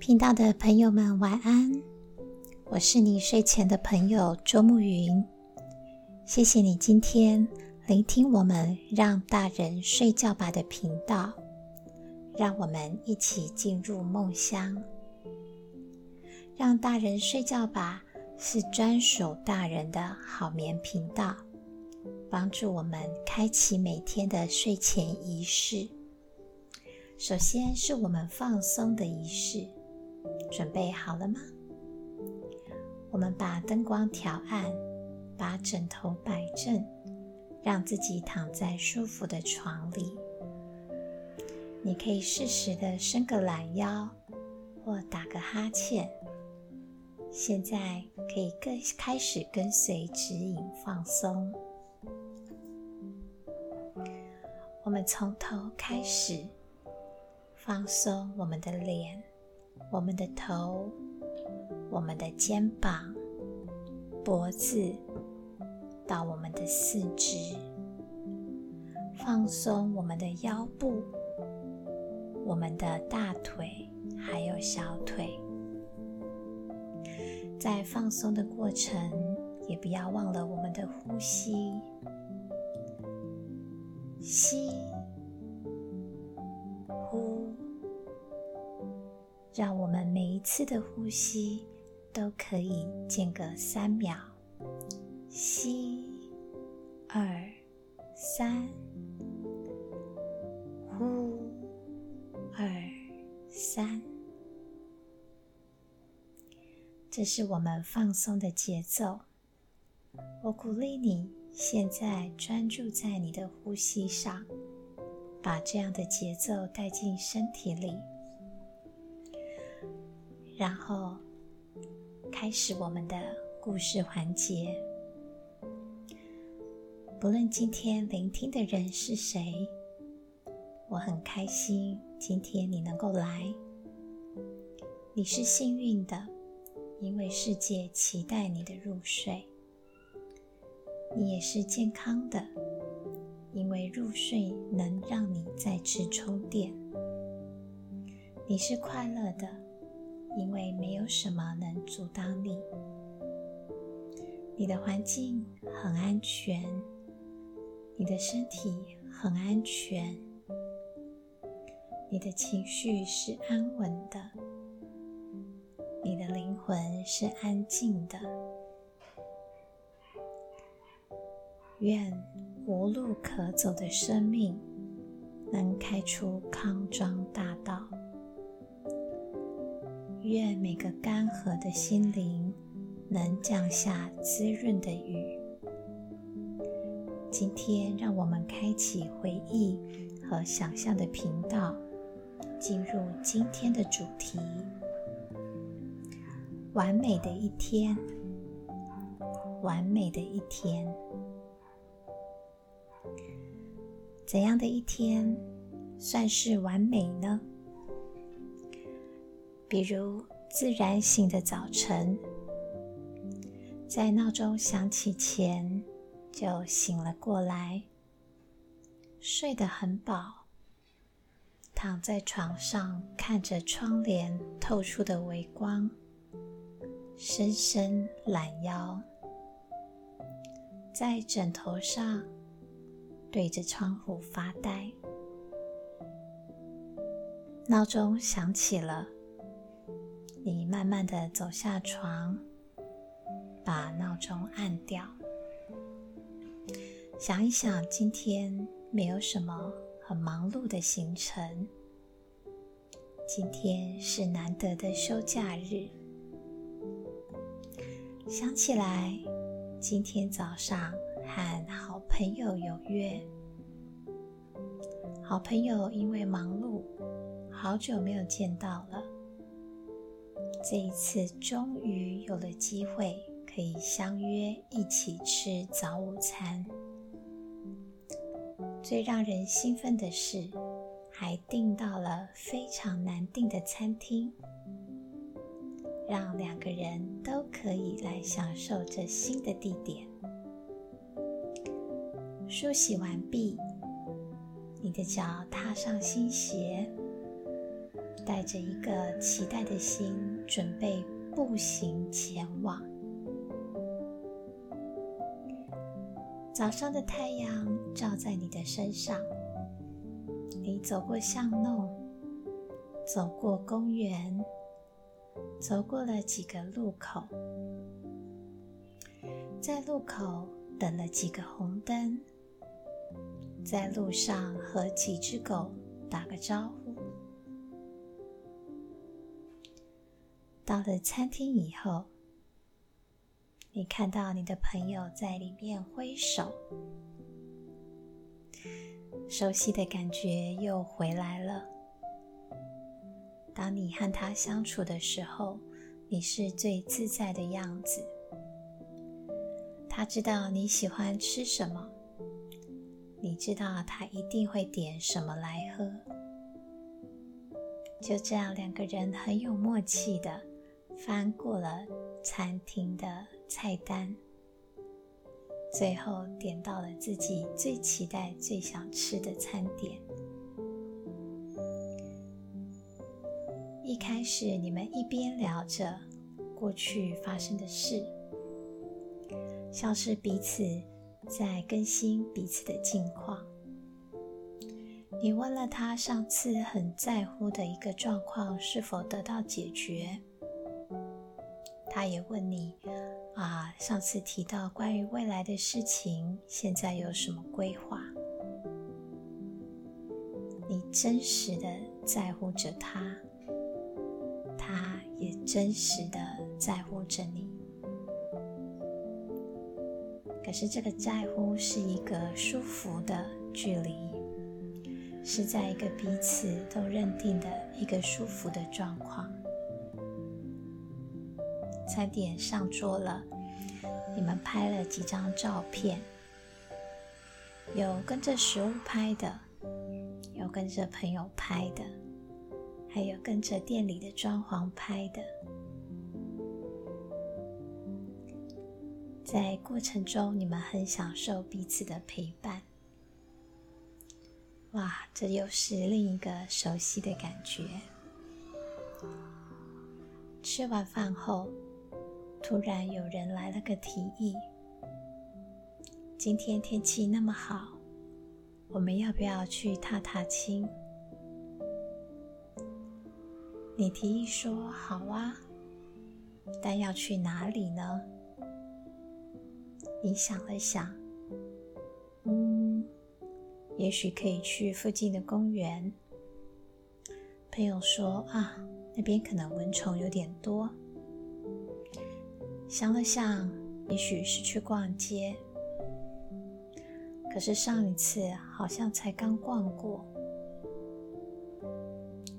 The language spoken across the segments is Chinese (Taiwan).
頻道的朋友們晚安，我是你睡前的朋友周沐昀，謝謝你今天聆聽我們《讓大人睡覺吧》的頻道，讓我們一起進入夢鄉。《讓大人睡覺吧》是專屬大人的好眠頻道，幫助我們開啟每天的睡前儀式。首先是我們放鬆的儀式。準備好了嗎？我們把燈光調暗，把枕頭擺正，讓自己躺在舒服的床裡。你可以適時的伸個懶腰，或打個哈欠。現在可以跟開始跟隨指引放鬆。我們從頭開始，放鬆我們的臉。我們的頭、我們的肩膀、脖子，到我們的四肢，放鬆我們的腰部、我們的大腿還有小腿。在放鬆的過程，也不要忘了我們的呼吸，吸。讓我們每一次的呼吸都可以間隔三秒，吸二三，呼、嗯、二三，這是我們放鬆的節奏。我鼓勵你現在專注在你的呼吸上，把這樣的節奏帶進身體裡。然後，開始我們的故事環節。不論今天聆聽的人是誰，我很開心今天你能夠來。你是幸運的，因為世界期待你的入睡。你也是健康的，因為入睡能讓你再次充電。你是快樂的。因為沒有什麼能阻擋你，你的環境很安全，你的身體很安全，你的情緒是安穩的，你的靈魂是安靜的。願無路可走的生命能開出康莊大道。願每個乾涸的心靈能降下滋潤的雨。今天，讓我們開啟回憶和想象的頻道，進入今天的主題：完美的一天。完美的一天，怎樣的一天算是完美呢？比如自然醒的早晨，在鬧鐘響起前就醒了過來，睡得很飽，躺在床上看着窗簾透出的微光，伸伸懶腰，在枕頭上對着窗戶發呆。鬧鐘響起了。你慢慢的走下床，把鬧鐘按掉。想一想，今天沒有什麼很忙碌的行程，今天是難得的休假日。想起來，今天早上和好朋友有約，好朋友因為忙碌，好久沒有見到了。這一次終於有了機會，可以相約一起吃早午餐。最讓人興奮的是，還訂到了非常難訂的餐廳，讓兩個人都可以來享受這新的地點。梳洗完畢，你的腳踏上新鞋。帶着一個期待的心，準備步行前往。早上的太陽照在你的身上，你走過巷弄，走過公園，走過了幾個路口，在路口等了幾個紅燈，在路上和幾隻狗打個招呼。到了餐廳以後，你看到你的朋友在裡面揮手，熟悉的感覺又回來了。當你和他相處的時候，你是最自在的樣子。他知道你喜歡吃什麼，你知道他一定會點什麼來喝。就這樣，兩個人很有默契的。翻過了餐廳的菜單，最後點到了自己最期待、最想吃的餐點。一開始，你們一邊聊着過去發生的事，像是彼此在更新彼此的近況。你問了他上次很在乎的一個狀況是否得到解決。他也問你，啊，上次提到關於未來的事情，現在有什麼規劃？你真實的在乎着他，他也真實的在乎着你。可是這個在乎是一個舒服的距離，是在一個彼此都認定的一個舒服的狀況。餐點上桌了，你們拍了幾張照片，有跟着食物拍的，有跟着朋友拍的，還有跟着店裡的裝潢拍的。在過程中，你們很享受彼此的陪伴。哇，這又是另一個熟悉的感覺。吃完飯後。突然有人來了個提議，今天天氣那麼好，我們要不要去踏踏青？你提議說好啊，但要去哪裡呢？你想了想，嗯，也許可以去附近的公園。朋友說啊，那邊可能蚊蟲有點多。想了想，也許是去逛街。可是上一次好像才剛逛過。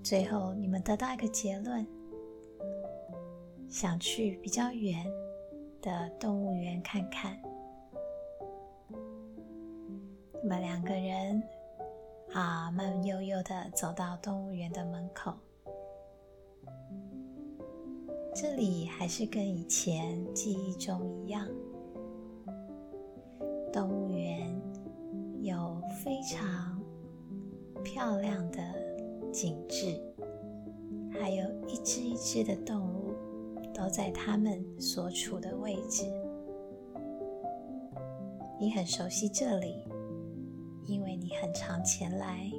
最後，你們得到一個結論：想去比較遠的動物園看看。你們兩個人啊，慢悠悠的走到動物園的門口。這裡還是跟以前記憶中一樣，動物園有非常漂亮的景緻，還有一隻一隻的動物都在他們所處的位置。你很熟悉這裡，因為你很常前來，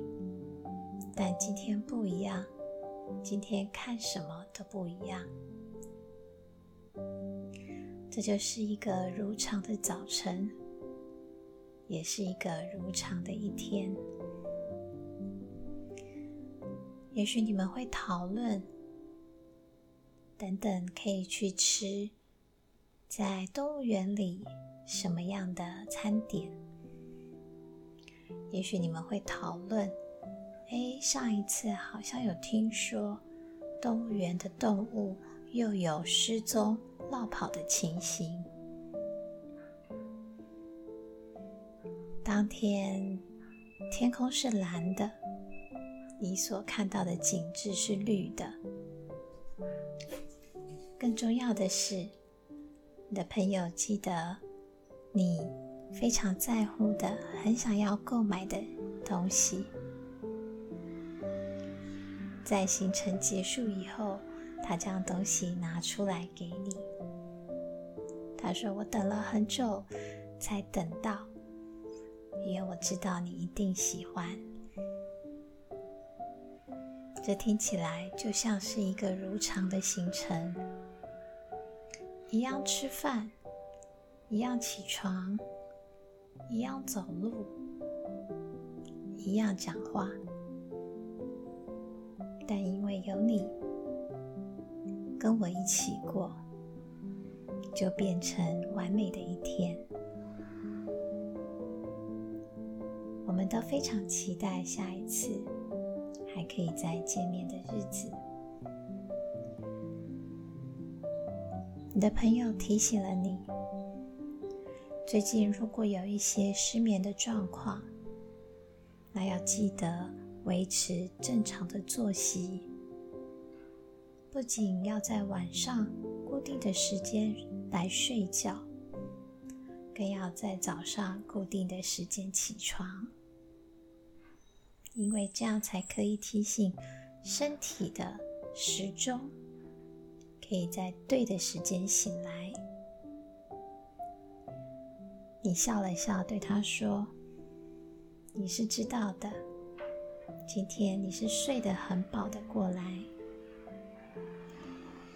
但今天不一樣，今天看什麼都不一樣。這就是一個如常的早晨，也是一個如常的一天。嗯，也許你們會討論，等等，可以去吃在動物園裡什麼樣的餐點？也許你們會討論，哎，上一次好像有聽說動物園的動物又有失蹤落跑的情形。當天天空是藍的，你所看到的景致是綠的。更重要的是，你的朋友記得你非常在乎的、很想要購買的東西。在行程結束以後，他將東西拿出來給你。他說：“我等了很久，才等到，因為我知道你一定喜歡。這聽起來就像是一個如常的行程，一樣吃飯，一樣起床，一樣走路，一樣講話。但因為有你，跟我一起過。”就變成完美的一天。我們都非常期待下一次還可以再見面的日子。你的朋友提醒了你，最近如果有一些失眠的狀況，那要記得維持正常的作息，不僅要在晚上。固定的時間來睡覺，更要在早上固定的時間起床，因為這樣才可以提醒身體的時鐘，可以在對的時間醒來。你笑了笑，對他說：“你是知道的，今天你是睡得很飽的過來。”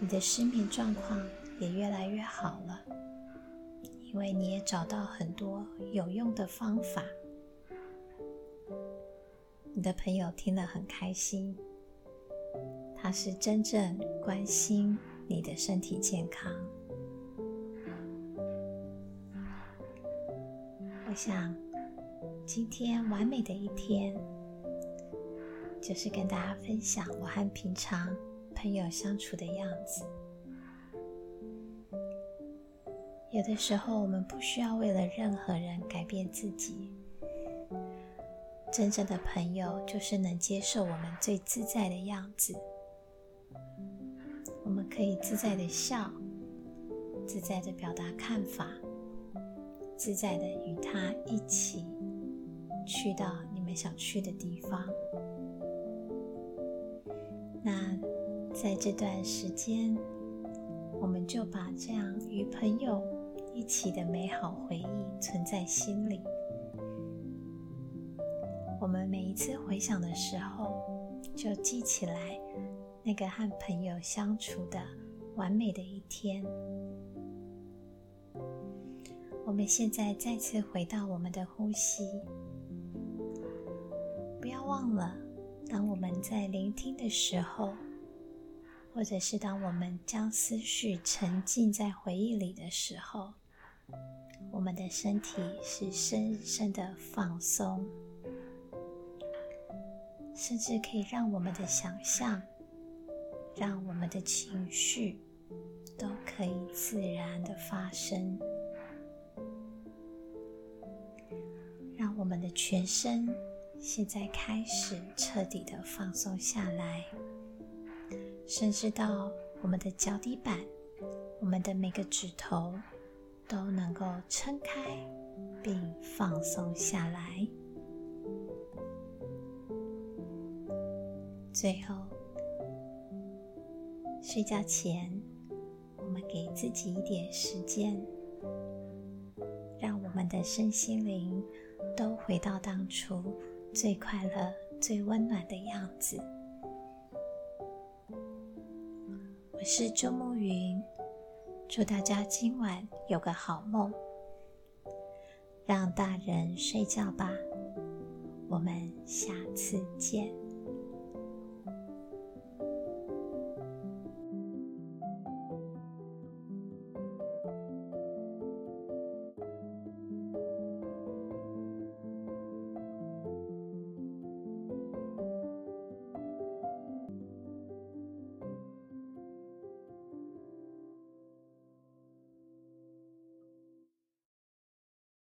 你的失眠狀況也越來越好了，因為你也找到很多有用的方法。你的朋友聽了很開心，他是真正關心你的身體健康。我想，今天完美的一天，就是跟大家分享我和平常。朋友相處的樣子，有的時候我們不需要為了任何人改變自己。真正的朋友就是能接受我們最自在的樣子。我們可以自在的笑，自在的表達看法，自在的與他一起去到你們想去的地方。那。在這段時間，我們就把這樣與朋友一起的美好回憶存在心裡。我們每一次回想的時候，就記起來那個和朋友相處的完美的一天。我們現在再次回到我們的呼吸。不要忘了，當我們在聆聽的時候。或者是當我們將思緒沉浸在回憶裡的時候，我們的身體是深深的放鬆，甚至可以讓我們的想象讓我們的情緒都可以自然的發生，讓我們的全身現在開始徹底的放鬆下來。甚至到我們的腳底板，我們的每個指頭都能夠撐開並放鬆下來。最後，睡覺前，我們給自己一點時間，讓我們的身心靈都回到當初最快樂、最溫暖的樣子。我是周沐昀，祝大家今晚有個好夢，讓大人睡覺吧，我們下次見。